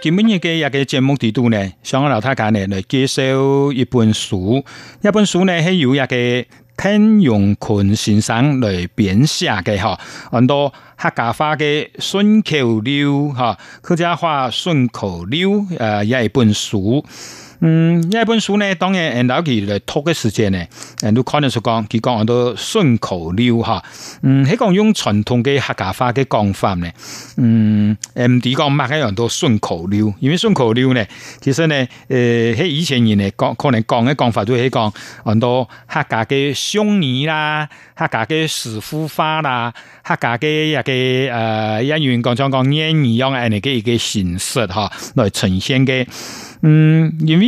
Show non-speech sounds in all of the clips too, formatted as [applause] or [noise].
今日嘅一個節目度呢，上老太監呢嚟，介紹一本書，一本書呢係由一個鄧榮坤先生嚟編寫嘅哈，很多客家話嘅順口溜哈，客家話順口溜誒，也係一本書。嗯，呢本書呢，當然，老奇嚟拖嘅時間呢，誒，都可能講，佢講很多順口溜哈。嗯，喺、那、講、個、用傳統嘅客家話嘅講法呢。嗯，唔止講乜嘢人多順口溜，因為順口溜呢，其實呢，誒、呃，喺以前人嚟講，可能講嘅講法都喺講，很多客家嘅雙語啦，客家嘅師傅話啦，客家嘅一個誒演員，呃、講講講嘢，年年用嚟嘅一個形式哈，來呈現嘅。嗯，因為。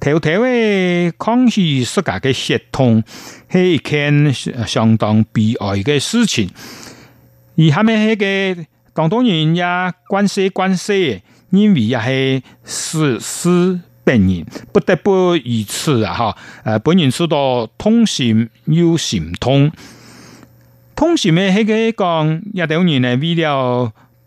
頭頭誒康熙世界嘅血統係一件相當悲哀嘅事情，而下面呢個廣東人也關心關心，因為也是事實，本人不得不如此啊！哈，誒，本人受到痛心又心痛，痛心咩？呢個講一兩年嚟，為了。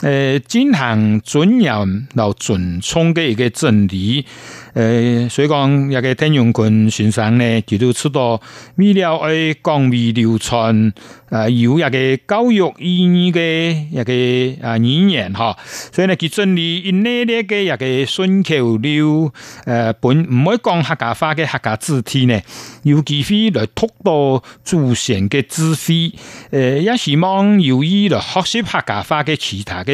誒，進行專人，然後專嘅一個整理。誒，所以講，這個呃、一個鄧榮坤先生咧，佢都出道，資料誒廣為流傳。誒，有一個教育意義嘅一個啊語言哈，所以咧佢整理，因呢呢嘅一個順口溜，誒、呃，本唔會講客家話嘅客家子弟呢，有機會嚟突破祖先嘅智慧。誒、呃，也希望有意嚟學習客家話嘅其他嘅。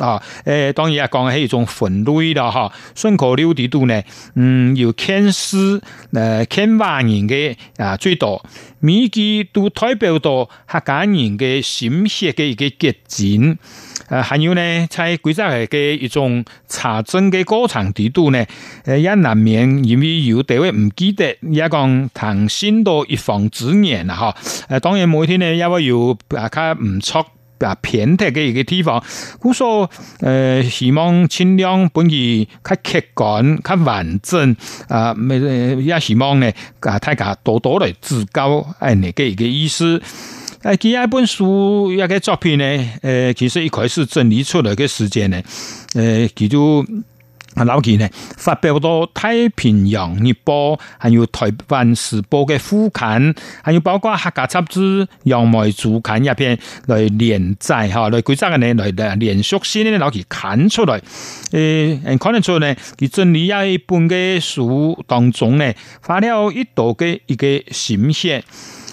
啊、哦，誒，當然也講是一種分類的吓，順口溜地度呢，嗯，有千絲誒，千、呃、萬人嘅啊，最多，每季都代表到客家人嘅心血嘅一個結晶，啊，還有呢，在貴州嘅一種查證嘅過程地度呢，誒、啊，也難免因為有啲位唔記得，也講談心到一方之言啦，吓，誒，當然每天呢，也為要有啊，家唔錯。啊！偏僻嘅一個地方，我所誒希望盡量本意較客觀、較完整啊，咩、呃、也希望咧，啊大家多多嚟指教，係呢嘅一個意思。啊、呃，其他本書一個作品咧，誒、呃，其實一塊是整理出嚟嘅時間咧，誒、呃，佢都。啊，老奇呢發表到太平洋日報，還有台灣時報嘅副刊，還有包括客家雜誌、楊梅週刊一篇來連載，吓，來規則嘅呢來連續先，呢老奇刊出來，誒、呃，可能做呢佢真係喺本嘅書當中呢發了一朵嘅一個心血。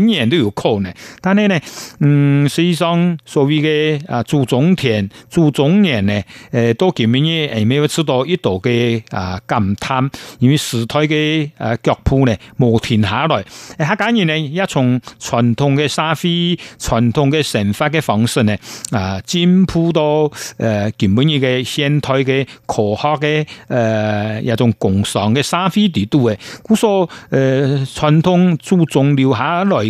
今年都有空呢，但係呢，嗯，實際上所謂嘅啊祖宗田、祖宗年呢，誒、呃，都根本呢，沒有做到一度嘅啊感嘆，因為時代嘅誒腳步呢冇停下來，誒、啊，佢反而呢，也從傳統嘅社會、傳統嘅生活嘅方式呢，啊，進步到誒根本嘅現代嘅科學嘅誒一種共尚嘅社會制度誒，故所誒傳統祖宗留下來。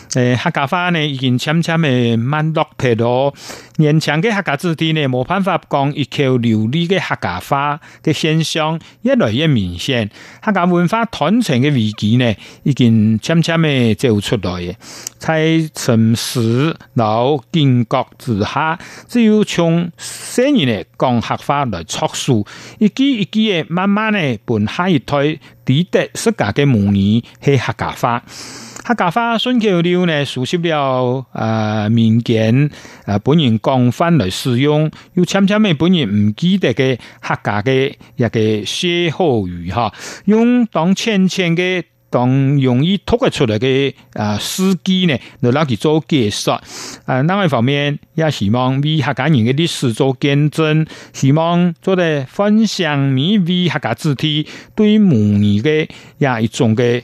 誒，客家話呢已經漸漸嘅慢落皮咯，年輕嘅客家子弟呢冇辦法講一口流利嘅客家話嘅現象，越來越明顯。客家文化傳承嘅危機呢已經漸漸嘅走出來嘅。在陳氏老建國之下，只有從細年呢講客家話嚟措施，一句一句嘅慢慢呢，培養下一代懂得識講嘅母語係客家話。客家話順口溜呢，熟悉了誒、呃，民間誒、呃、本人廣泛來使用，又漸漸咩本人唔記得嘅客家嘅一個歇後語哈，用當淺淺嘅當容易讀嘅出來嘅啊、呃，司機呢嚟攞去做解說，啊、呃，另外一方面也希望為客家人嘅歷史做見證，希望做啲分享你，每一位客家子弟對母語嘅也一種嘅。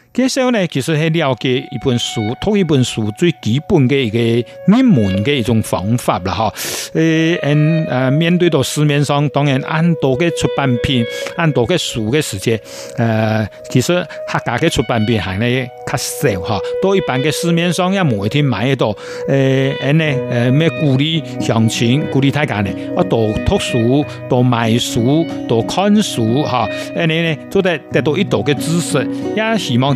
介紹呢，其實係了解一本書，讀一本書最基本的一個入門的一種方法了吓。誒、呃，嗯，誒，面對到市面上，當然按多的出版品，按多的書的時間，呃，其實客家的出版品係呢，較少，吓。到一般的市面上，也無一定買得到，誒、呃，呢、呃，誒、呃、咩、呃、鼓勵鄉親，鼓勵大家呢，我多讀書，多買書，多看書，吓、啊。誒、呃，呢呢，就得得到一多的知識，也希望。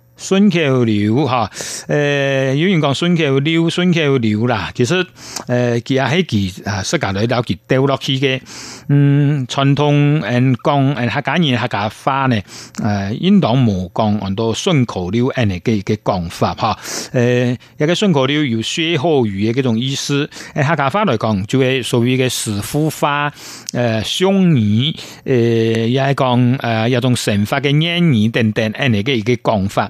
順口溜哈，誒、呃，有人講順口溜，順口溜啦，其實誒、呃，其實係幾啊界間嚟講，掉落去嘅，嗯，傳統誒講誒客家人客家話咧，誒、呃，應當冇講按到順口溜，誒，嘅嘅講法哈，誒，一個順口溜有歇後語嘅嗰種意思，誒，客家話嚟講就係所謂嘅四呼法的，誒，雙耳，誒，又係講誒一種成法嘅念語等等，誒，嘅一個講法。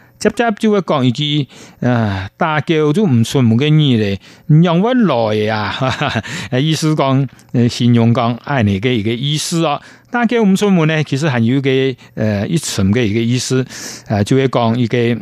接接就會講一句，啊， [music] 大叫都唔出門嘅嘢咧，唔用得耐啊，意思講，形容講，係呢嘅一個意思啊，但係我們出門呢，其實還有嘅，呃，一層嘅一個意思，啊，就會講依個。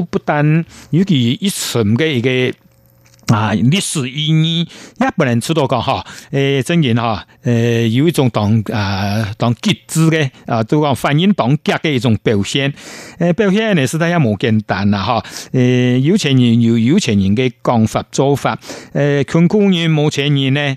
不但有啲一層的一個啊歷史意義，也不能知道講哈。誒、呃，正言哈，誒、呃，有一種當啊，當階級的啊，都講反映當家的一種表現。誒、呃，表現呢，是大家冇簡單啦哈。誒、啊呃，有錢人有有錢人的講法做法，誒、呃，窮工人冇錢人呢。